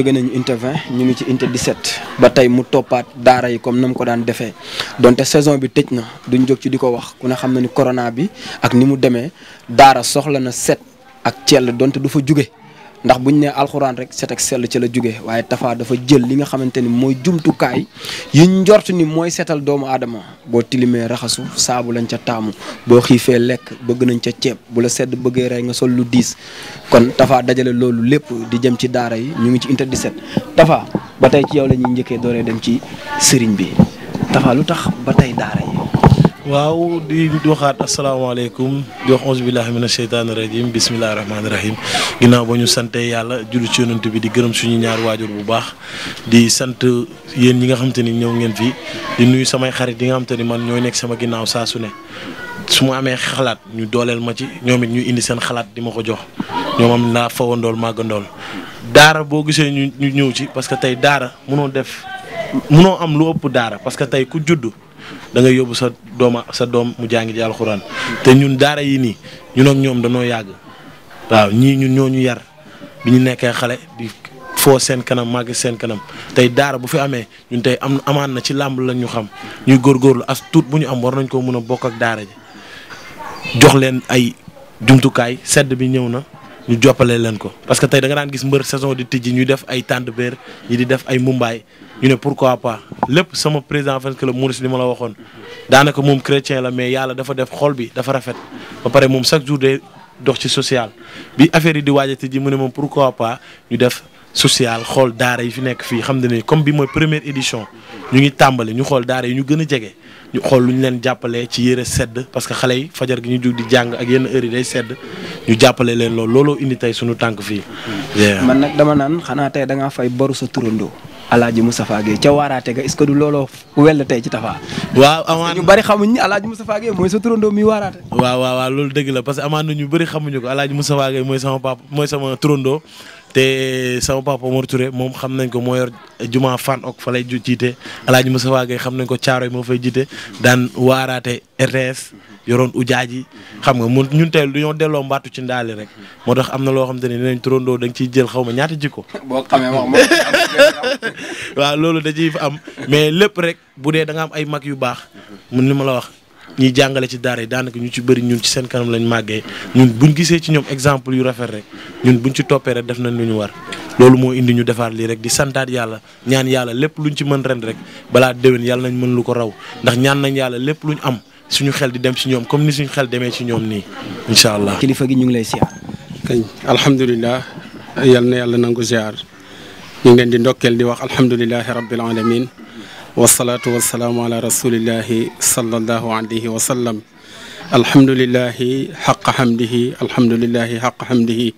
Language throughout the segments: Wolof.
jóge nañu unité 20 ñu ngi ci unité set ba tey mu toppaat daara yi comme na mu ko daan defee donte saison bi tëj na duñ jóg ci di ko wax ku ne xam na ni corona bi ak ni mu demee daara soxla na set ak cell donte du fa jóge ndax bu ñu nee alxuraan rek set ak sell ca la jóge waaye Tapha dafa jël li nga xamante ni mooy jumtukaay yi njort ni mooy setal doomu aadama boo tilimee raxasu saabu lañ ca taamu boo xiifee lekk bëgg nañ ca ceeb bu la sedd bëggee rey nga sol lu diis kon Tapha dajale loolu lépp di jëm ci daara yi ñu ngi ci di 17 Tapha ba tey ci yow la ñuy njëkkee dooree dem ci sëriñ bi Tapha lu tax ba tey daara yi waaw di waxaat asalaamaaleykum di wax auzu billaahi mina sheytaani rajim bismillaahi rahmaani rahim ginnaaw ba ñu sante yàlla julli ci yonent bi di gërëm suñu ñaar waajur bu baax di sant yéen ñi nga xam ni ñëw ngeen fii di nuyu samay xarit yi nga xam ni man ñooy nekk sama ginnaaw saa su ne su ma amee xalaat ñu dooleel ma ci ñoom it ñu indi seen xalaat di ma ko jox ñoom am naa fawandool màggandool daara boo gisee ñu ñu ñëw ci parce que tey daara mënoo def mënoo am lu ëpp daara parce que tey ku judd da ngay yóbbu sa dooma sa doom mu jàngi ji alxuraan te ñun daara yi nii ñun ak ñoom danoo yàgg waaw ñii ñun ñoo ñu yar bi ñu nekkee xale di foo seen kanam màgg seen kanam tey daara bu fi amee ñun tey am amaan na ci làmb lañ ñu xam ñuy góorgóorlu as tuut bu ñu am war nañ koo mën a bokk ak daara ji jox leen ay jumtukaay sedd bi ñëw na. ñu joppalee leen ko parce que tey da nga daan gis mbër saison di tijji ñu def ay Tandber ñi di def ay Mumbai ñu ne pourquoi pas lépp sama président fan club Maurice li ma la waxoon daanaka moom chrétien la mais yàlla dafa def xol bi dafa rafet ba pare moom chaque jour de dox ci social bi affaire yi di waaj a tijji mu ne moom pourquoi pas ñu def social xool daara yi fi nekk fii xam ne ni comme bi mooy première édition ñu ngi tàmbali ñu xool a ñu xool lu ñu leen jàppalee ci yére sedd parce que xale yi fajar gi ñu jug di jàng ak yenn heure day sedd ñu jàppale leen loolu looloo indi tey suñu tànk fii. man nag dama naan xanaa tey da fay boru sa turandoo. Alaaji Moustapha Gueye ca waaraate ga est-ce que du looloo wel tey ci Tapha. waaw amaan ñu bëri xamuñ ni Alaaji Moustapha Gueye mooy sa turandoo mi waaraate. la parce que amaan ñu bëri xamuñu ko Alaaji Moustapha Gueye mooy sama papa mooy sama turandoo te sama papa Mor Touré moom xam nañ ko moo yor juma fan ok fa lay jiite El Hadj Moussa Gueye xam nañ ko caaro yi moo fay jiite daan waaraate RTS yoroon ujaaji xam nga mu ñun tey du ñoo delloo mbaatu ci ndaali rek moo tax am na loo xam te ne dinañ turandoo da nga ciy jël xaw ma ñaata jikko. boo xamee wax waaw loolu da ciy am mais lépp rek bu dee da am ay mag yu baax mun li ma la wax. ñiy jàngale ci daara yi daanaka ñu ci bëri ñun ci seen kanam lañu màggee ñun buñ gisee ci ñoom exemple yu rafet rek ñun buñ ci toppee rek def nañ lu ñu war loolu moo indi ñu defaat lii rek di santaat yàlla ñaan yàlla lépp lu luñ ci mën ren rek balaa déwén yàlla nañ mën lu ko raw ndax ñaan nañ yàlla lépp lu ñu am suñu xel di dem ci ñoom comme ni suñu xel demee ci ñoom nii incha allah. kilifa gi ñu ngi lay siyaar. kañ alhamdulilah yal na yàlla nangu siyaar ñu ngi leen di ndokkeel di wax alhamdulilah rabbil alamin wasalaatu wasalaamu ala rasulillahi sallallahu alayhi wa sallam alhamdulilahi xaq xamdihi alhamdulilahi xaq xamdihi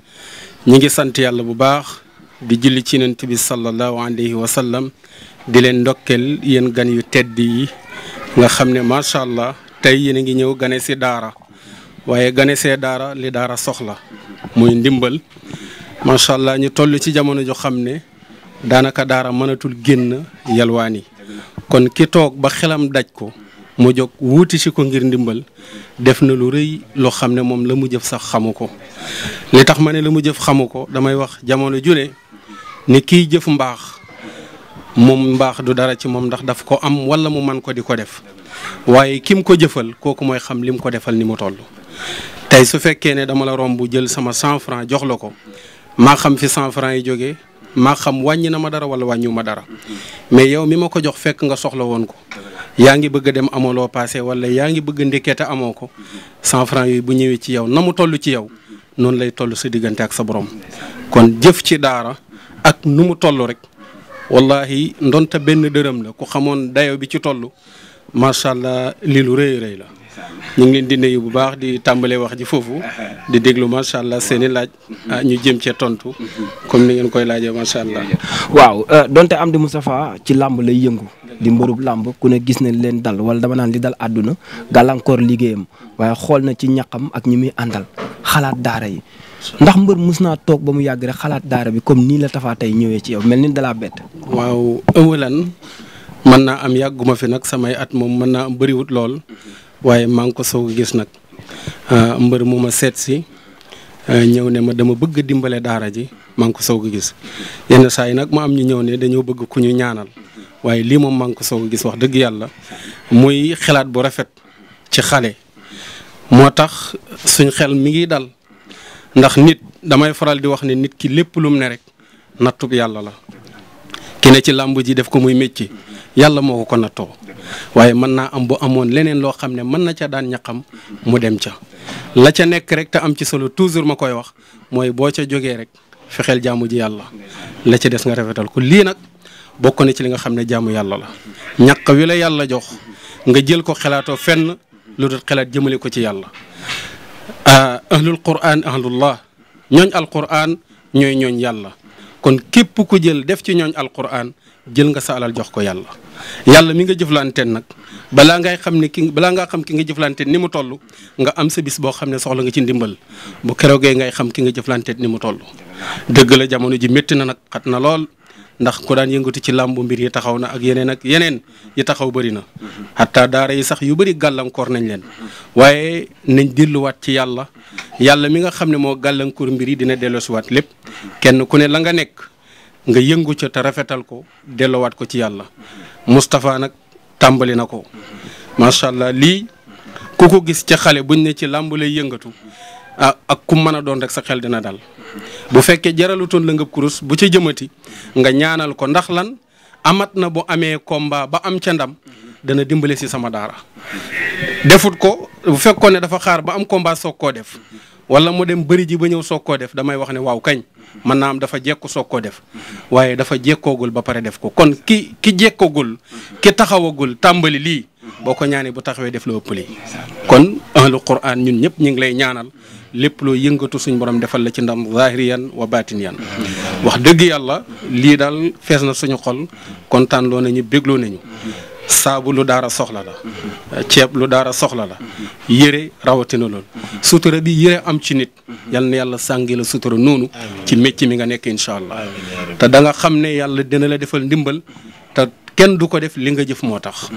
ñi ngi sant yàlla bu baax di julli ci nant bi sallallahu alayhi wa sallam di leen ndokkeel yéen gan yu tedd yi nga xam ne macha allah tey yéen a ngi ñëw gane si daara waaye gane see daara li daara soxla mooy ndimbal macha allah ñu toll ci jamono joo xam ne daanaka daara mënatul génn yalwaani kon ki toog ba xelam daj ko mu jog wuuti si ko ngir ndimbal def na lu rëy loo xam ne moom la mu jëf sax xamu ko li tax ma ne la mu jëf xamu ko damay wax jamono june ni kiy jëf mbaax moom mbaax du dara ci moom ndax daf ko am wala mu man ko di ko def waaye kim ko jëfal kooku mooy xam li mu ko defal ni mu toll tey su fekkee ne dama la romb jël sama cent franc jox la ko maa xam fi cent franc yi jóge maa xam wàññi na ma dara wala wàññiwu ma dara mais yow mi ma ko jox fekk nga soxla woon ko yaa ngi bëgg dem amoo loo paase wala yaa ngi bëgg a amoo ko cent franc yooyu bu ñëwee ci yow na mu toll ci yow noonu lay toll sa diggante ak sa borom kon jëf ci daara ak nu mu toll rek wallahi ndonte benn dërëm la ku xamoon dayo bi ci toll macha allah li lu rëy rëy la. ñu ngi leen di nuyu bu baax di tàmbalee wax ji foofu di déglu macha allah seeni laaj ah, ñu jëm cee tontu comme ni ngeen koy laajee macha allah. waaw euh, donte Amdy Moustapha ci làmb lay yëngu. di mbërub làmb ku ne gis nañ leen dal wala dama naan li dal àdduna gàllankoor liggéeyam waaye xool na ci ñaqam ak ñi muy àndal xalaat daara yi ndax mbër mus naa toog ba mu yàgg xalaat daara bi comme nii la tafaa tey ñëwee ci yow mel ni dalaa bett. waaw ëwalan mën naa am yàgguma fi nag samay at moom mën naa am lool. waaye maa ko soog a gis nag ah, mbër mu ma seet si ah, ñëw ne ma dama bëgg dimbale daara ji maa ngi ko soog a gis yenn saa yi nag ma am ñu ñëw ne dañoo bëgg ku ñu ñaanal waaye lii moom maa ngi ko soog a gis wax dëgg yàlla muy xalaat bu rafet ci xale moo tax suñ xel mi ngi dal ndax nit damay faral di wax ne nit ki lépp lum ne rek nattub yàlla la ki ci làmb ji def ko muy métti yàlla moo ko ko nattoo waaye mën naa am bu amoon leneen loo xam ne mën na ca daan ñaqam mu dem ca la ca nekk rek te am ci solo toujours ma koy wax mooy boo ca jógee rek fexeel jaamu ji yàlla la ca des nga rafetal ko lii nag bokk na ci li nga xam ne jaamu yàlla la ñaq wi la yàlla jox nga jël ko xalaatoo fenn lu dul xalaat jëmale ko ci yàlla ah, ahlul quraan ahlullah ñooñ alquraan ñooy ñooñ yàlla kon képp ku jël def ci ñooñ alquran jël nga saalal jox ko yàlla yàlla mi nga jëflanteen nag balaa ngay xam ne ki balaa ngaa xam ki nga jëflanteen ni mu tollu nga am sa bis boo xam ne soxla nga ci ndimbal bu keroogee ngay xam ki nga jëflanteen ni mu toll. dëgg la jamono ji métti na nag xat na lool ndax ko daan yëngatu ci làmb mbir yi taxaw na ak yeneen ak yeneen yi taxaw bëri na. xataa daara yi sax yu bëri gàllankoor nañ leen waaye nañ delluwaat ci yàlla yàlla mi nga xam ne moo gàllankoor mbir yi dina delloosiwaat lépp. kenn ku ne la nga nekk nga yëngu ca te rafetal ko dellowaat ko ci yàlla Moustapha nag tàmbali na ko macha allah lii ku ko gis ca xale buñ ne ci làmb lay yëngatu ah ak ku mën a doon rek sa xel dina dal bu fekkee jaralutoon la nga kurus bu ca jëmati nga ñaanal ko ndax lan amat na bu amee komba ba am ca ndam dana dimbale si sama daara defut ko bu fekkoon ne dafa xaar ba am komba soog koo def wala mu dem bëri ji ba ñëw soog koo def damay wax ne waaw kañ man naa am dafa jekku soog koo def waaye dafa jekkoogul ba pare def ko kon ki ki jekkoogul ki taxawagul tàmbali lii boo ko ñaanee bu taxawee def la ëpp lii kon ahlu quran ñun ñëpp ñu ngi lay ñaanal lépp loo yëngatu suñu borom defal la ci ndam zahiriyan wa batiniyan wax dëgg yàlla lii daal fees na suñu xol kontaan loo nañu bégloo nañu saabu lu daara soxla la ceeb lu daara soxla la yére rawatina lool sutura bi yére am ci nit yal na yàlla sàngi la sutura noonu ci métti mi nga nekk incha allah te danga xam ne yàlla dina la defal ndimbal te kenn du ko def li nga jëf moo tax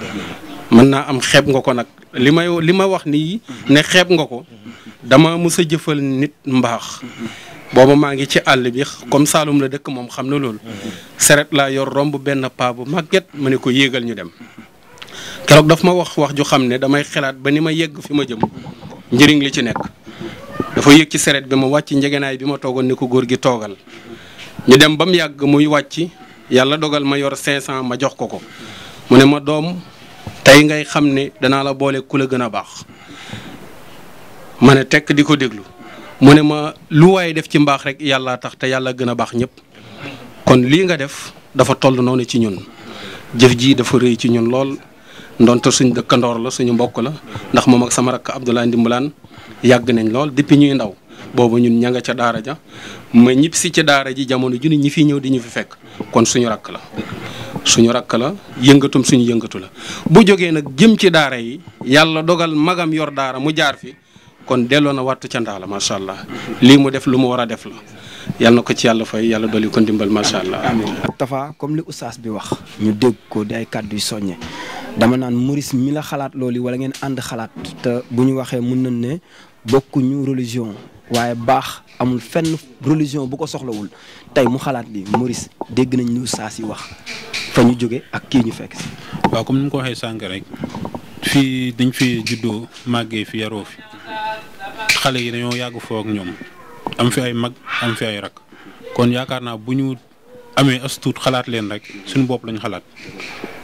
mën naa am xeeb nga ko nag li may li ma wax nii ne xeeb nga ko dama mës a jëfal nit mbaax booba maa ngi ci àll bi comme Saalum la dëkk moom xam na loolu. seret laa yor romb benn paa bu màgget ma ne ko yéegal ñu dem. keroog daf ma wax wax ju xam ne damay xalaat ba ni ma yegg fi ma jëm njëriñ li ci nekk. dafa yëg ci seret bi ma wàcc njegenaay bi ma toogoon ne ko góor gi toogal. ñu dem ba mu yàgg muy wàcc yàlla dogal ma yor 500 ma jox ko ko. mu ne ma doom tey ngay xam ne danaa la boole ku la gën a baax. ma ne tekk di ko déglu. mu ne ma lu waaye def ci mbaax rek yàlla tax te yàlla gën a baax ñëpp kon lii nga def dafa toll noonu ci ñun jëf ji dafa rëy ci ñun lool ndonte suñ dëkkandoor la suñu mbokk la ndax moom ak sama rakk Abdoulaye Ndimbalaan yàgg nañ lool depuis ñuy ndaw boobu ñun ña nga ca daara ja ma ñib si ci daara ji jamono ju ne ñi fi ñëw di ñu fi fekk kon suñu rakk la suñu rakk la yëngatum suñu yëngatu la bu jógee nag jëm ci daara yi yàlla dogal magam yor daara mu jaar fi kon delloo na wattu ca ndaa la macha allah lii mu def lu mu war a def la yàlla na ko ci yàlla fay yàlla dolli ko ndimbal macha allah. Tafa comme li ussas bi wax ñu dégg ko di ay kàddu yu soññe dama naan Maurice mi la xalaat looli wala ngeen ànd xalaat te bu ñu waxee mun nañ ne bokkuñu religion waaye baax amul fenn religion bu ko soxlawul tey mu xalaat li Maurice dégg nañ lu oustaz yi wax fa ñu jóge ak kii ñu fekk si. waaw comme ni mu ko waxee sànq rek. fii dañ fi juddoo màggee fi yaroo fi xale yi dañoo yàgg foo ak ñoom am fi ay mag am fi ay rak kon yaakaar naa bu ñu amee as tuut xalaat leen rek suñu bopp lañu xalaat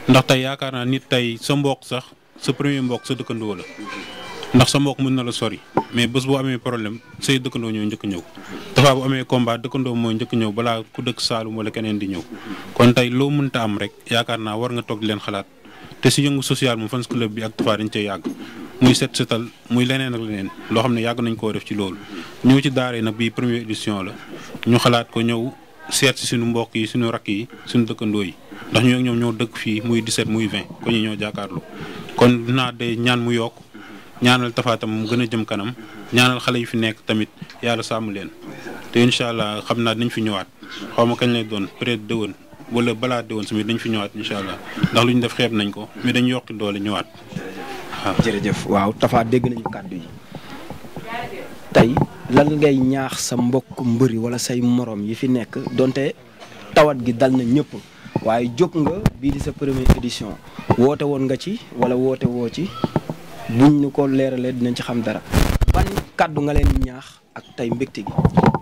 ndax tey yaakaar naa nit tey sa mbokk sax sa premier mbokk sa dëkkandoo la ndax sa mbokk mën na la sori mais bés boo amee problème say dëkkandoo ñoo njëkk ñëw dafa bu amee combat dëkkandoo mooy njëkk ñëw balaa ku dëkk Saalum wala keneen di ñëw kon tey loo mënta am rek yaakaar naa war nga toog leen xalaat. te si yëngu social moom fans club bi ak Tapha dañ yàgg muy set setal muy leneen ak leneen loo xam ne yàgg nañ koo def ci loolu. ñëw ci daara yi nag bii première édition la ñu xalaat ko ñëw seet si suñu mbokk yi suñu rakk yi suñu dëkkandoo yi ndax ñoo ñoom ñoo dëkk fii muy 17 muy 20 ko ñu ñoo jàkkaarloo kon naa de ñaan mu yokk ñaanal Tapha tam mu gën a jëm kanam ñaanal xale yi fi nekk tamit yàlla sàmm leen te incha allah xam naa dinañ fi ñëwaat xaw ma kañ lay doon peut-être dëwën wala balaa déwoon sami dañ fi ñëwaat incha allah ndax lu ñu def xeeb nañ ko mais dañ yokk doole ñëwaat jërëjëf waaw Tafa dégg nañu kàddu yi tey lan ngay ñaax sa mbokk mbëri wala say moroom yi fi nekk donte tawat gi dal na ñëpp waaye jóg nga bii di sa première édition woote woon nga ci wala woote woo ci buñ ñu ko leerale dinañ ci xam dara ban kàddu nga leen ñaax ak tey mbégte gi.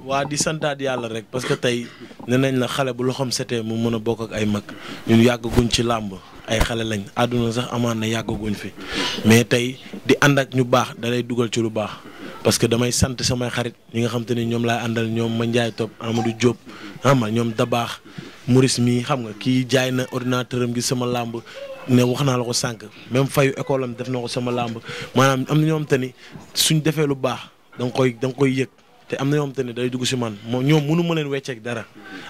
waa di santaat yàlla rek parce que tey ne nañ la xale bu loxoom setee mu mën a bokk ak ay mag ñun yàggaguñ ci làmb ay xale lañ àdduna sax amaan na yàggaguñ fi mais tey di ànd ak ñu baax dalay dugal ci lu baax parce que damay sant samay xarit ñi nga xam te ni ñoom laay àndal ñoom ma njaay topp Amadou Diop xam ah nga ñoom dabaax Maurice xam nga kii jaay na ordinateur am gi sama làmb ne wax naa la ko sànq même fayu école am def na ko sama làmb maanaam am na ñoo xam te ni suñ defee lu baax da nga koy koy yëg te am na ñoo xam te ni day dugg si man moom ñoom mënu ma leen wecceeg dara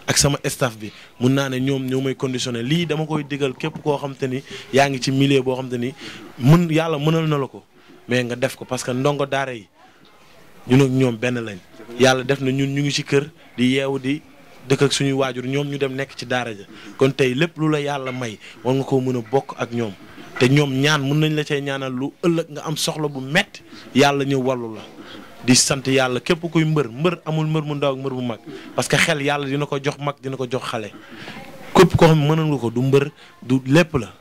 ak sama staff bi mun naa ne ñoom ñoo may conditionné lii dama koy digal képp koo xam ni yaa ngi ci millier boo xam ni mun yàlla mënal na la ko mais nga def ko parce que ndongo daara yi ñun nag ñoom benn lañ. yàlla def na ñun ñu ngi ci kër di yeewu di dëkk ak suñuy waajur ñoom ñu dem nekk ci daara ja kon tey lépp lu la yàlla may war nga koo mën a bokk ak ñoom te ñoom ñaan mun nañ la cay ñaanal lu ëllëg nga am soxla bu metti yàlla ñëw wallu la. di sant yàlla képp kuy mbër mbër amul mbër mu ndaw ak mbër mu mag parce xel yàlla dina ko jox mag dina ko jox xale képp koo xam ne ko du mbër du lépp la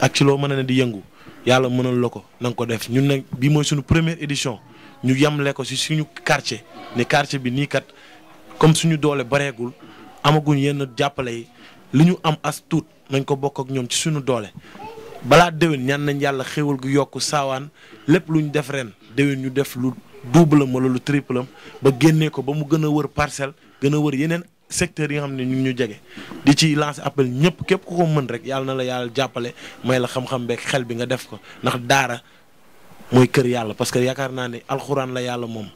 ak ci loo mën ne di yëngu yàlla mënal la ko na ko def ñun nag bii mooy suñu première édition ñu yemle ko si suñu quartier ni karce bi nii kat comme suñu doole bareegul amaguñ yenn jàppale yi li ñu am as tuut nañ ko bokk ak ñoom ci suñu doole balaa déwén ñaan nañ yàlla xéwal gu yokk saawaan lépp lu def ren déwén double am wala lu triple am ba génnee ko ba mu gën a wër parcelle gën a wër yeneen secteurs yi xam ne ñu ngi ñu jege di ci lancer appel ñëpp képp ku ko mën rek yàlla na la yàlla jàppale may la xam-xam beeg xel bi nga def ko ndax daara mooy kër yàlla parce que yaakaar naa ne alxuraan la yàlla moom.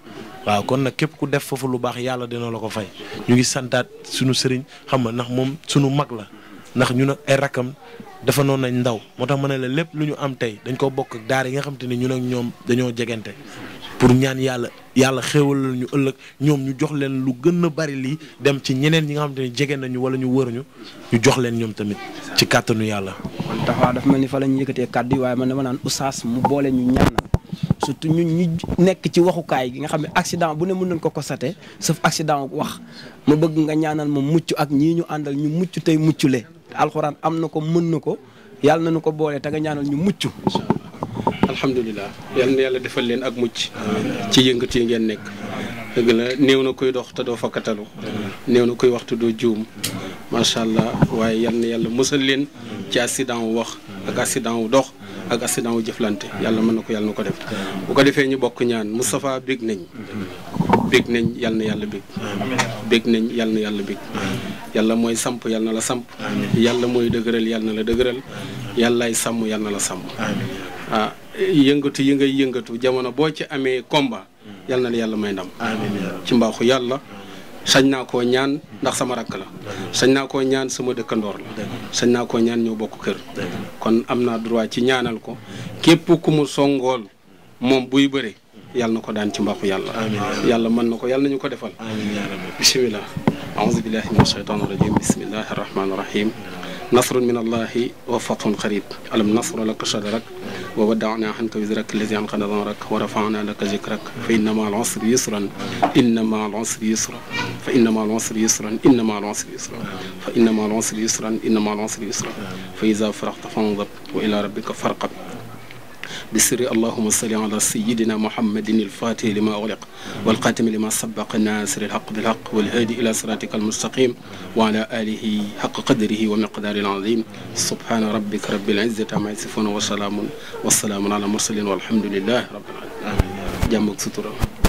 waaw kon nag képp ku def foofu lu baax yàlla dina la ko fay ñu ngi santaat sunu sëriñ xam nga ndax moom sunu mag la ndax ñu nag ay rakam dafa noonu nañ ndaw moo tax ma ne leen lépp lu ñu am tey dañ ko bokk ak daara yi nga xam te ne ñu ak ñoom dañoo jegante pour ñaan yàlla yàlla xéewal ñu ëllëg ñoom ñu jox leen lu gën a bari lii dem ci ñeneen ñi nga xam te ne jege nañu wala ñu wër ñu ñu jox leen ñoom tamit ci kàttanu yàlla. man taxaw dafa mel ni fa la ñu yëkkatee kàddu yi waaye ne ma naan oustaz mu boole ñu ñaan surtout ñun ñu nekk ci waxukaay gi nga xam ne accident bu ne mun nañ ko constaté sauf accident wax ma bëgg nga ñaanal ma mucc ak ñii ñu àndal ñu mucc tey muccule alxuraan am na ko mën na ko yàlla na nu ko boole te nga ñaanal ñu mucc. alhamdulilah yal na yàlla defal leen ak mucc. ci yëngatu yi ngeen nekk. dëgg la néew na koy dox te doo fakkatalu néew na koy wax te doo juum. macha allah waaye yal na yàlla musal leen. ci accident wu wax. ak accident wu dox. ak accident wu jëflante yàlla mën na ko yàlla nu ko def. bu ko defee ñu bokk ñaan Moustapha bég nañ. bég nañ yal na yàlla bég nañ yal yàlla bég mooy samp yàlla na la samp yàlla mooy dëgëral yal na la dëgëral yàllaay sàmm yal na la sàmm ah yëngatu yi ngay yëngatu jamono boo ci amee komba mm. yàlla la yàlla may ndam ci mbaaxu yàlla sañ naa koo ñaan ndax sama rakk la sañ naa koo ñaan sama dëkkandoor la sañ naa koo ñaan ñoo bokk kër kon am naa droit ci ñaanal ko képp ku songool moom buy bëre yàlla na ko daan ci mbaaxu yàlla yàlla mën na ko yàlla nañu ko defal bisimilah aousubillahi min asheytan irajim bisimillahi arrahmani irahim nasrun min allahi wa fathun qarib alam nasra laka sadrak wa wada'na anka wizrak allazi anqa nadharak wa rafa'na laka zikrak fa inna ma'al usri yusran inna ma'al usri yusran fa inna ma'al usri yusran inna ma'al usri yusran fa inna ma'al usri yusran inna ma'al usri yusran fa iza faraghta fanzab wa ila rabbika farghab بسر اللهم صل على سيدنا محمد الفاتح لما أغلق والقاتم لما سبق ناصر الحق بالحق والهادي إلى صراطك المستقيم وعلى آله حق قدره ومقدار العظيم سبحان ربك رب العزة عما يصفون وسلام والسلام على المرسلين والحمد لله رب العالمين جنبك سترة